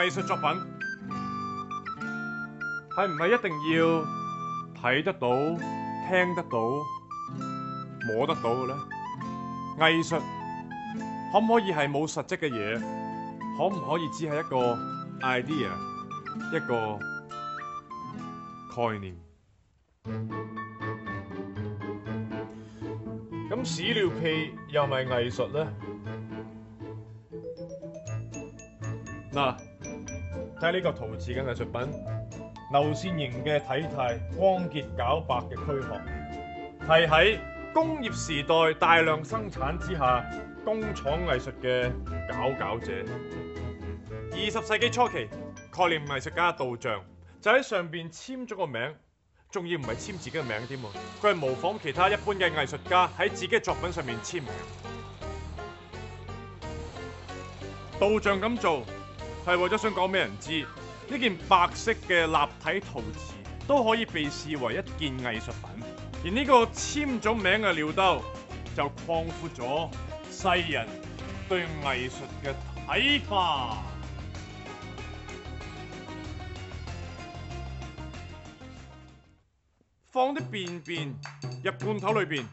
藝術作品係唔係一定要睇得到、聽得到、摸得到嘅咧？藝術可唔可以係冇實質嘅嘢？可唔可以只係一個 idea、一個概念？咁屎尿屁又咪藝術咧？嗱。睇下呢個陶瓷嘅藝術品，流線型嘅體態，光潔皎白嘅軀殼，係喺工業時代大量生產之下，工廠藝術嘅佼佼者。二十世紀初期，概念藝術家杜象就喺上邊簽咗個名，仲要唔係簽自己嘅名添喎，佢係模仿其他一般嘅藝術家喺自己作品上面簽名。杜象咁做。係為咗想講俾人知，呢件白色嘅立體陶瓷都可以被視為一件藝術品，而呢個簽咗名嘅尿兜就擴闊咗世人對藝術嘅睇法。放啲便便入罐頭裏邊，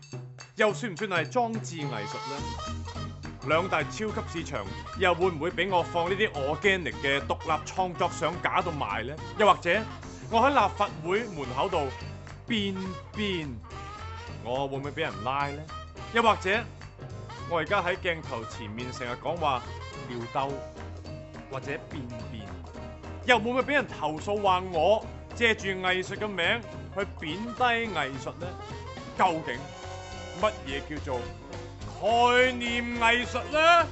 又算唔算係裝置藝術呢？兩大超級市場又會唔會俾我放呢啲我 genie 嘅獨立創作上架度賣咧？又或者我喺立法會門口度便便，我會唔會俾人拉咧？又或者我而家喺鏡頭前面成日講話尿兜或者便便，又會唔會俾人投訴話我借住藝術嘅名去貶低藝術咧？究竟乜嘢叫做？概念藝術啦。